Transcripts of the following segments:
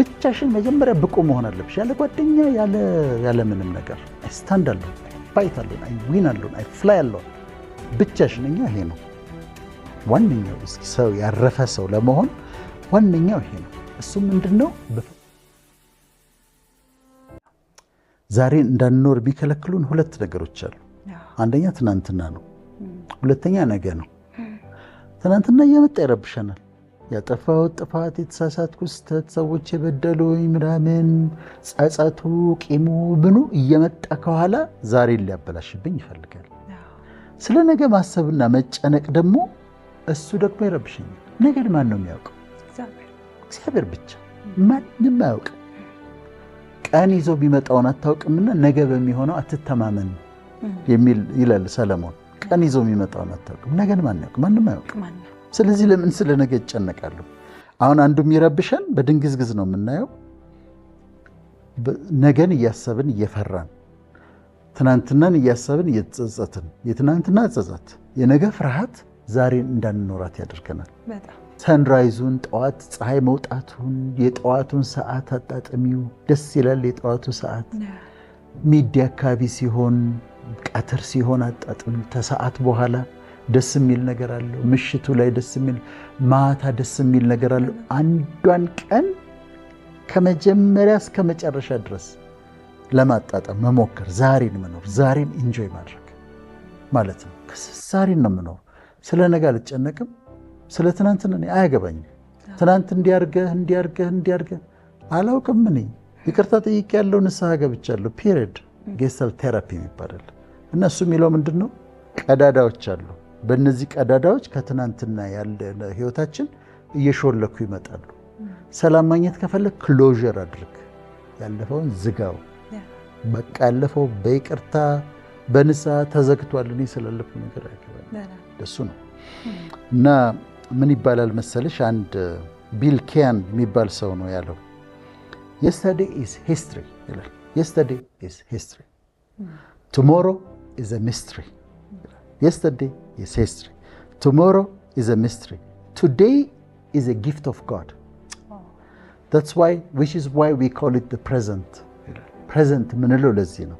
ብቻሽን መጀመሪያ ብቁ መሆን አለብሽ። ያለ ጓደኛ ያለ ምንም ነገር ስታንድ አለሁ፣ ፋይት አለሁ፣ አይ ዊን አይፍላይ አይ ፍላይ አለሁ። ብቻሽን እኛ ይሄ ነው ዋነኛው። እስኪ ሰው ያረፈ ሰው ለመሆን ዋነኛው ይሄ ነው። እሱ ምንድን ነው? ዛሬ እንዳንኖር የሚከለክሉን ሁለት ነገሮች አሉ። አንደኛ ትናንትና ነው፣ ሁለተኛ ነገ ነው። ትናንትና እየመጣ ይረብሸናል። ያጠፋሁት ጥፋት፣ የተሳሳትኩ ስህተት፣ ሰዎች የበደሉኝ ምናምን ጸጸቱ፣ ቂሙ፣ ብኑ እየመጣ ከኋላ ዛሬን ሊያበላሽብኝ ይፈልጋል። ስለ ነገ ማሰብና መጨነቅ ደግሞ እሱ ደግሞ ይረብሸኛል። ነገን ማን ነው የሚያውቀው? እግዚአብሔር ብቻ። ማንም አያውቅ። ቀን ይዞ የሚመጣውን አታውቅምና ነገ በሚሆነው አትተማመን የሚል ይላል ሰለሞን። ቀን ይዞ የሚመጣውን አታውቅም። ነገን ማን ያውቅ? ማንም አያውቅ። ስለዚህ ለምን ስለ ነገ ይጨነቃሉ? አሁን አንዱ የሚረብሸን በድንግዝግዝ ነው የምናየው። ነገን እያሰብን እየፈራን፣ ትናንትናን እያሰብን እየተጸጸትን፣ የትናንትና ጸጸት፣ የነገ ፍርሃት ዛሬን እንዳንኖራት ያደርገናል። ሰንራይዙን ጠዋት ፀሐይ መውጣቱን የጠዋቱን ሰዓት አጣጥሚው ደስ ይላል። የጠዋቱ ሰዓት ሚዲ አካባቢ ሲሆን ቀትር ሲሆን አጣጥሚው ተሰዓት በኋላ ደስ የሚል ነገር አለው። ምሽቱ ላይ ደስ የሚል ማታ ደስ የሚል ነገር አለው። አንዷን ቀን ከመጀመሪያ እስከ መጨረሻ ድረስ ለማጣጣም መሞከር፣ ዛሬን መኖር፣ ዛሬን ኢንጆይ ማድረግ ማለት ነው። ዛሬን ነው የምኖር። ስለ ነገ አልጨነቅም። ስለ ትናንት እኔ አያገባኝም። ትናንት እንዲያርገህ እንዲያርገህ እንዲያርገህ አላውቅም። እኔ ይቅርታ ጠይቅ ያለው ንስሐ ገብቻለሁ። ፔሪድ ጌስተል ቴራፒ ይባላል እና እሱ የሚለው ምንድን ነው? ቀዳዳዎች አሉ በእነዚህ ቀዳዳዎች ከትናንትና ያለ ህይወታችን እየሾለኩ ይመጣሉ። ሰላም ማግኘት ከፈለግ ክሎዥር አድርግ፣ ያለፈውን ዝጋው። በቃ ያለፈው በይቅርታ በንሳ ተዘግቷል። እኔ ስላለፈው ነገር ደሱ ነው እና ምን ይባላል መሰለሽ፣ አንድ ቢል ኬያን የሚባል ሰው ነው ያለው የስተርዴይ ኢዝ ሂስትሪ ይላል። ኢዝ ሂስትሪ ቱሞሮ ኢዝ ሚስትሪ Yesterday is history. Tomorrow is a mystery. Today is a gift of God. Oh. That's why, which is why we call it the present. Present ምንለው ለዚህ ነው።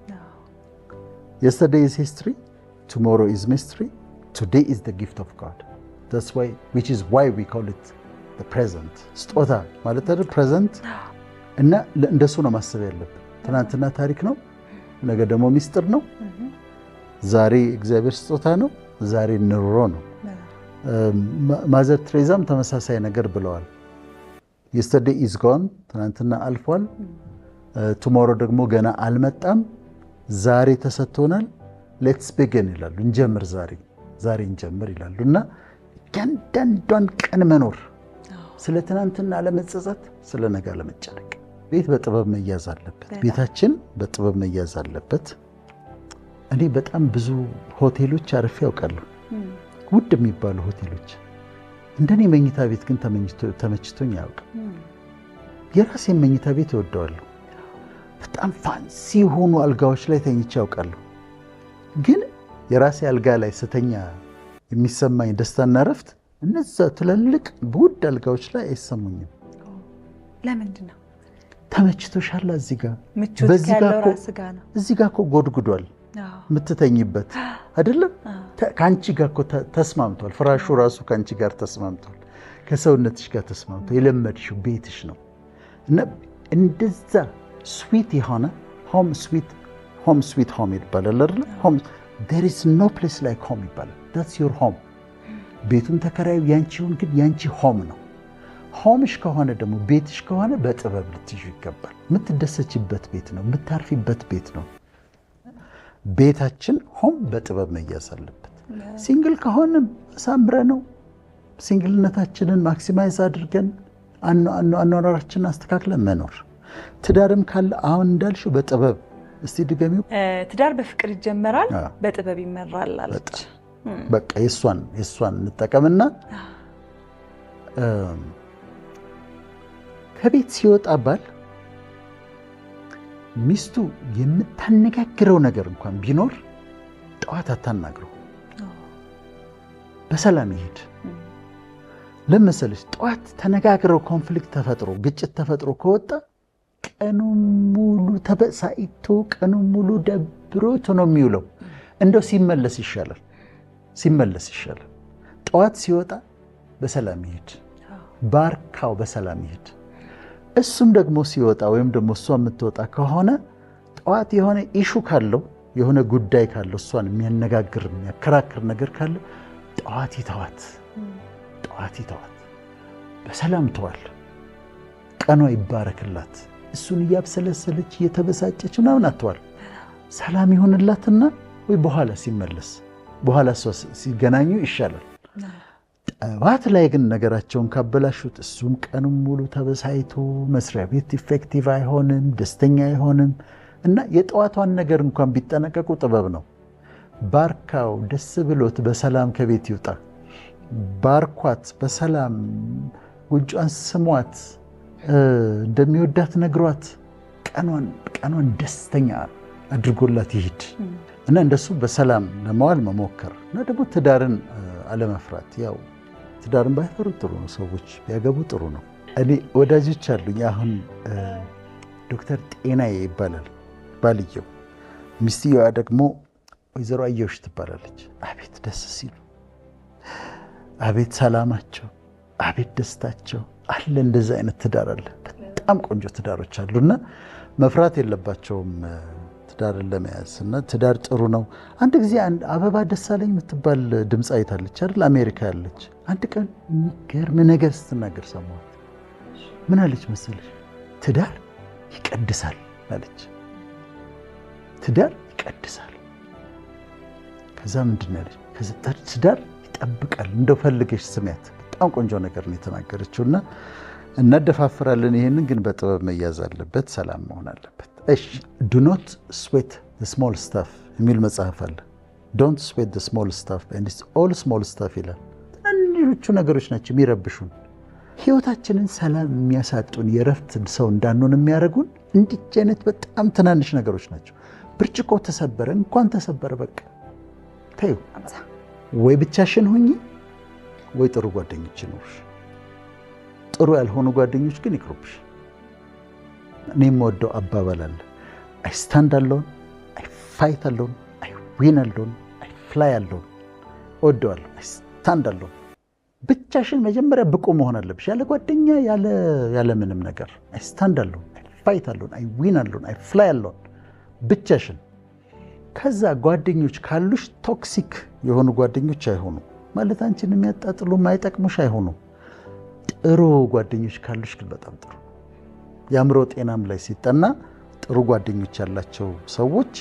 Yesterday is history, tomorrow is mystery, today is the gift of God. That's why, which is why we call it the present. ስጦታ ማለት አይደል? present እና እንደሱ ነው ማሰብ ያለብን። ትናንትና ታሪክ ነው፣ ነገ ደግሞ ሚስጥር ነው። ዛሬ እግዚአብሔር ስጦታ ነው፣ ዛሬ ንሮ ነው። ማዘር ትሬዛም ተመሳሳይ ነገር ብለዋል። የስተርዴ ኢዝ ጎን ትናንትና አልፏል፣ ቱሞሮ ደግሞ ገና አልመጣም፣ ዛሬ ተሰጥቶናል። ሌትስ ቤገን ይላሉ፣ እንጀምር፣ ዛሬ ዛሬ እንጀምር ይላሉ እና እያንዳንዷን ቀን መኖር ስለ ትናንትና አለመጸጸት፣ ስለ ነገ አለመጨነቅ። ቤት በጥበብ መያዝ አለበት። ቤታችን በጥበብ መያዝ አለበት። እኔ በጣም ብዙ ሆቴሎች አርፌ ያውቃለሁ፣ ውድ የሚባሉ ሆቴሎች። እንደኔ መኝታ ቤት ግን ተመችቶኝ አያውቅም። የራሴን መኝታ ቤት እወደዋለሁ። በጣም ፋንሲ የሆኑ አልጋዎች ላይ ተኝቼ ያውቃለሁ። ግን የራሴ አልጋ ላይ ስተኛ የሚሰማኝ ደስታና እረፍት እነዛ ትላልቅ በውድ አልጋዎች ላይ አይሰሙኝም። ለምንድን ነው? ተመችቶሻላ። እዚህ ጋር እዚህ ጋ እኮ ጎድጉዷል የምትተኝበት አይደለም። ከአንቺ ጋር እኮ ተስማምቷል። ፍራሹ ራሱ ከአንቺ ጋር ተስማምቷል፣ ከሰውነትሽ ጋር ተስማምቷል። የለመድሽው ቤትሽ ነው እና እንደዛ ስዊት የሆነ ሆም ስዊት ሆም ስዊት ሆም ይባላል አይደለም። ሆም ዜር ኢዝ ኖ ፕሌስ ላይክ ሆም ይባላል። ዳትስ ዮር ሆም። ቤቱን ተከራዩ ያንቺውን ግን ያንቺ ሆም ነው። ሆምሽ ከሆነ ደግሞ ቤትሽ ከሆነ በጥበብ ልትይዥ ይገባል። የምትደሰችበት ቤት ነው፣ የምታርፊበት ቤት ነው። ቤታችን ሆም በጥበብ መያዝ አለበት። ሲንግል ከሆንም ሳምረ ነው ሲንግልነታችንን ማክሲማይዝ አድርገን አኗኗራችንን አስተካክለን መኖር። ትዳርም ካለ አሁን እንዳልሽው በጥበብ እስቲ ድገሚው። ትዳር በፍቅር ይጀመራል በጥበብ ይመራል አለች። በቃ የእሷን የእሷን እንጠቀምና ከቤት ሲወጣ ባል ሚስቱ የምታነጋግረው ነገር እንኳን ቢኖር ጠዋት አታናግረው፣ በሰላም ይሄድ። ለመሰለች ጠዋት ተነጋግረው ኮንፍሊክት ተፈጥሮ ግጭት ተፈጥሮ ከወጣ ቀኑን ሙሉ ተበሳጭቶ ቀኑን ሙሉ ደብሮት ነው የሚውለው። እንደው ሲመለስ ይሻላል፣ ሲመለስ ይሻላል። ጠዋት ሲወጣ በሰላም ይሄድ፣ ባርካው፣ በሰላም ይሄድ። እሱም ደግሞ ሲወጣ ወይም ደግሞ እሷ የምትወጣ ከሆነ ጠዋት የሆነ ኢሹ ካለው የሆነ ጉዳይ ካለው እሷን የሚያነጋግር የሚያከራክር ነገር ካለ ጠዋት ይተዋት፣ ጠዋት ይተዋት፣ በሰላም ተዋል። ቀኗ ይባረክላት። እሱን እያብሰለሰለች እየተበሳጨች ምናምን አትዋል። ሰላም ይሆንላትና ወይ በኋላ ሲመለስ በኋላ እሷ ሲገናኙ ይሻላል። ጠዋት ላይ ግን ነገራቸውን ካበላሹት እሱም ቀኑን ሙሉ ተበሳይቶ መስሪያ ቤት ኢፌክቲቭ አይሆንም፣ ደስተኛ አይሆንም እና የጠዋቷን ነገር እንኳን ቢጠነቀቁ ጥበብ ነው። ባርካው ደስ ብሎት በሰላም ከቤት ይውጣ። ባርኳት በሰላም ጉንጯን ስሟት፣ እንደሚወዳት ነግሯት፣ ቀኗን ደስተኛ አድርጎላት ይሂድ እና እንደሱ በሰላም ለመዋል መሞከር እና ደግሞ ትዳርን አለመፍራት ያው ትዳርን ባይፈሩ ጥሩ ነው። ሰዎች ቢያገቡ ጥሩ ነው። እኔ ወዳጆች አሉኝ። አሁን ዶክተር ጤናዬ ይባላል ባልየው። ሚስትየዋ ደግሞ ወይዘሮ አየውሽ ትባላለች። አቤት ደስ ሲሉ፣ አቤት ሰላማቸው፣ አቤት ደስታቸው አለ። እንደዚህ አይነት ትዳር አለ። በጣም ቆንጆ ትዳሮች አሉና መፍራት የለባቸውም። ዳርን ለመያዝ እና ትዳር ጥሩ ነው። አንድ ጊዜ አበባ ደሳለኝ የምትባል ድምፅ አይታለች አይደል? አሜሪካ ያለች። አንድ ቀን የሚገርም ነገር ስትናገር ሰማሁት። ምን አለች መሰለሽ? ትዳር ይቀድሳል አለች። ትዳር ይቀድሳል። ከዛ ምንድን ያለች? ትዳር ይጠብቃል። እንደው ፈልገሽ ስሚያት። በጣም ቆንጆ ነገር ነው የተናገረችው እና እናደፋፍራለን። ይህንን ግን በጥበብ መያዝ አለበት፣ ሰላም መሆን አለበት። እሺ ዱኖት ስዌት ስሞል ስታፍ የሚል መጽሐፍ አለ። ዶንት ስዌት ስሞል ስታፍ ኦል ስሞል ስታፍ ይላል። ትንንሾቹ ነገሮች ናቸው የሚረብሹን፣ ህይወታችንን ሰላም የሚያሳጡን፣ የረፍት ሰው እንዳንሆን የሚያደርጉን እንዲች አይነት በጣም ትናንሽ ነገሮች ናቸው። ብርጭቆ ተሰበረ፣ እንኳን ተሰበረ በቃ ታዩ። ወይ ብቻሽን ሁኚ፣ ወይ ጥሩ ጓደኞች ይኖሩሽ። ጥሩ ያልሆኑ ጓደኞች ግን ይቅሩብሽ። እኔ የምወደው አባባል አለ። አይ ስታንድ አለውን፣ አይ ፋይት አለውን፣ አይ ዊን አለውን፣ አይ ፍላይ አለውን። እወደዋለሁ። አይ ስታንድ አለውን። ብቻሽን መጀመሪያ ብቁ መሆን አለብሽ፣ ያለ ጓደኛ ያለ ምንም ነገር። አይ ስታንድ አለውን፣ አይ ፋይት አለውን፣ አይ ዊን አለውን፣ አይ ፍላይ አለውን። ብቻሽን ከዛ ጓደኞች ካሉሽ ቶክሲክ የሆኑ ጓደኞች አይሆኑ ማለት አንቺን የሚያጣጥሉ ማይጠቅሙሽ አይሆኑ። ጥሩ ጓደኞች ካሉሽ ግን በጣም ጥሩ የአእምሮ ጤናም ላይ ሲጠና ጥሩ ጓደኞች ያላቸው ሰዎች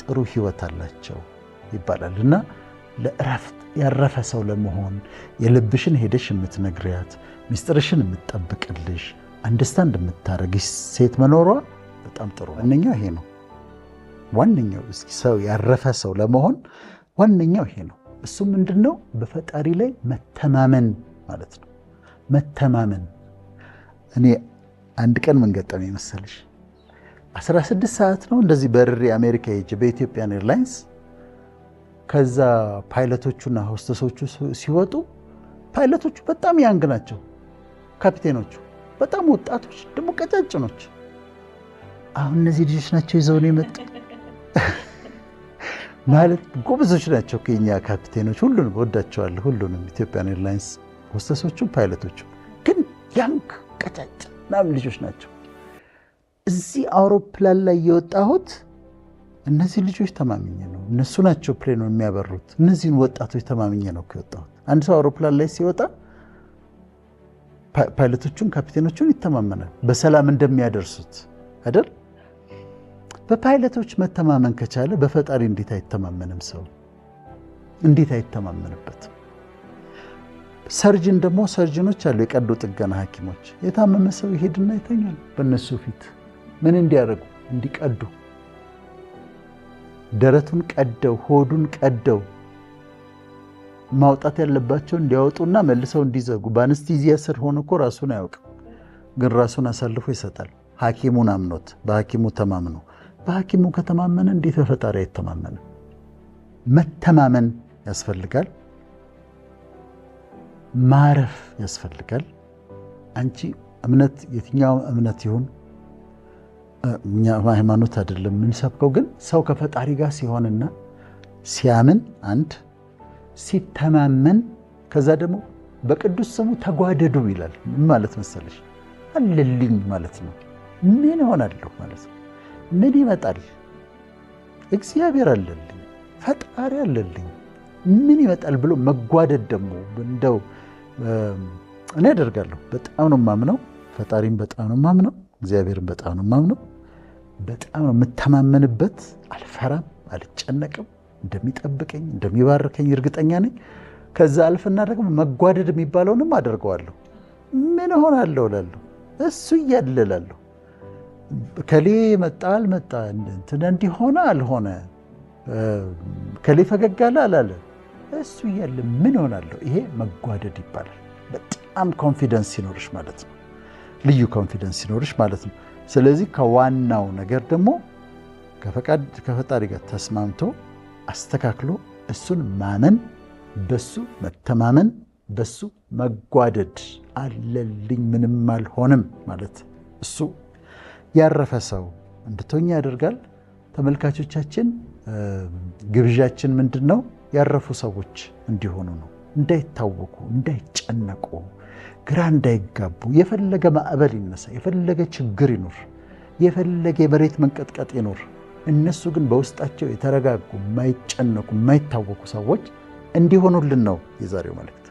ጥሩ ህይወት አላቸው ይባላል እና ለእረፍት ያረፈ ሰው ለመሆን የልብሽን ሄደሽ የምትነግሪያት ሚስጥርሽን የምትጠብቅልሽ አንደርስታንድ የምታደረግ ሴት መኖሯ በጣም ጥሩ። ዋነኛው ይሄ ነው። ዋነኛው እስኪ ሰው ያረፈ ሰው ለመሆን ዋነኛው ይሄ ነው። እሱ ምንድን ነው? በፈጣሪ ላይ መተማመን ማለት ነው። መተማመን እኔ አንድ ቀን ምን ገጠመኝ መሰለሽ? 16 ሰዓት ነው እንደዚህ በርሬ አሜሪካ ሄጄ በኢትዮጵያን ኤርላይንስ ከዛ ፓይለቶቹና ሆስተሶቹ ሲወጡ ፓይለቶቹ በጣም ያንግ ናቸው። ካፒቴኖቹ በጣም ወጣቶች ደግሞ ቀጫጭኖች። አሁን እነዚህ ልጆች ናቸው ይዘው ነው የመጡ ማለት ጎበዞች ናቸው። ከኛ ካፒቴኖች ሁሉንም ወዳቸዋለሁ፣ ሁሉንም ኢትዮጵያን ኤርላይንስ ሆስተሶቹም ፓይለቶቹም ግን ያንግ ቀጫጭ ምናምን ልጆች ናቸው። እዚህ አውሮፕላን ላይ የወጣሁት እነዚህ ልጆች ተማምኜ ነው። እነሱ ናቸው ፕሌኑን የሚያበሩት። እነዚህን ወጣቶች ተማምኜ ነው የወጣሁት። አንድ ሰው አውሮፕላን ላይ ሲወጣ ፓይለቶቹን ካፒቴኖቹን ይተማመናል፣ በሰላም እንደሚያደርሱት አይደል? በፓይለቶች መተማመን ከቻለ በፈጣሪ እንዴት አይተማመንም? ሰው እንዴት አይተማመንበትም? ሰርጅን ደግሞ ሰርጅኖች አሉ፣ የቀዶ ጥገና ሐኪሞች የታመመ ሰው ይሄድና ይተኛል። በእነሱ ፊት ምን እንዲያደርጉ እንዲቀዱ፣ ደረቱን ቀደው ሆዱን ቀደው ማውጣት ያለባቸው እንዲያወጡና መልሰው እንዲዘጉ። በአንስቲዚያ ስር ሆኖ እኮ ራሱን አያውቅም፣ ግን ራሱን አሳልፎ ይሰጣል። ሐኪሙን አምኖት በሐኪሙ ተማምኖ በሐኪሙ ከተማመነ እንዴት በፈጣሪ አይተማመንም? መተማመን ያስፈልጋል። ማረፍ ያስፈልጋል። አንቺ እምነት የትኛውም እምነት ይሁን እኛ ሃይማኖት አይደለም የምንሰብከው፣ ግን ሰው ከፈጣሪ ጋር ሲሆንና ሲያምን አንድ ሲተማመን ከዛ ደግሞ በቅዱስ ስሙ ተጓደዱ ይላል። ምን ማለት መሰለሽ? አለልኝ ማለት ነው። ምን እሆናለሁ ማለት ነው። ምን ይመጣል? እግዚአብሔር አለልኝ፣ ፈጣሪ አለልኝ፣ ምን ይመጣል ብሎ መጓደድ ደግሞ እንደው እኔ አደርጋለሁ። በጣም ነው የማምነው። ፈጣሪም በጣም ነው የማምነው። እግዚአብሔርም በጣም ነው የማምነው። በጣም ነው የምተማመንበት። አልፈራም፣ አልጨነቅም። እንደሚጠብቀኝ እንደሚባርከኝ እርግጠኛ ነኝ። ከዛ አልፍና ደግሞ መጓደድ የሚባለውንም አደርገዋለሁ። ምን እሆናለሁ እላለሁ፣ እሱ እያለ እላለሁ። ከሌ መጣ አልመጣ እንትን እንዲሆነ አልሆነ ከሌ ፈገግ አለ አላለ እሱ እያለ ምን ሆናለሁ? ይሄ መጓደድ ይባላል። በጣም ኮንፊደንስ ሲኖርሽ ማለት ነው። ልዩ ኮንፊደንስ ሲኖርሽ ማለት ነው። ስለዚህ ከዋናው ነገር ደግሞ ከፈጣሪ ጋር ተስማምቶ አስተካክሎ እሱን ማመን፣ በሱ መተማመን፣ በሱ መጓደድ አለልኝ ምንም አልሆንም ማለት እሱ ያረፈ ሰው እንድትሆኝ ያደርጋል። ተመልካቾቻችን ግብዣችን ምንድን ነው? ያረፉ ሰዎች እንዲሆኑ ነው። እንዳይታወቁ፣ እንዳይጨነቁ፣ ግራ እንዳይጋቡ። የፈለገ ማዕበል ይነሳ፣ የፈለገ ችግር ይኖር፣ የፈለገ የመሬት መንቀጥቀጥ ይኖር፣ እነሱ ግን በውስጣቸው የተረጋጉ፣ የማይጨነቁ፣ የማይታወቁ ሰዎች እንዲሆኑልን ነው የዛሬው መልእክት።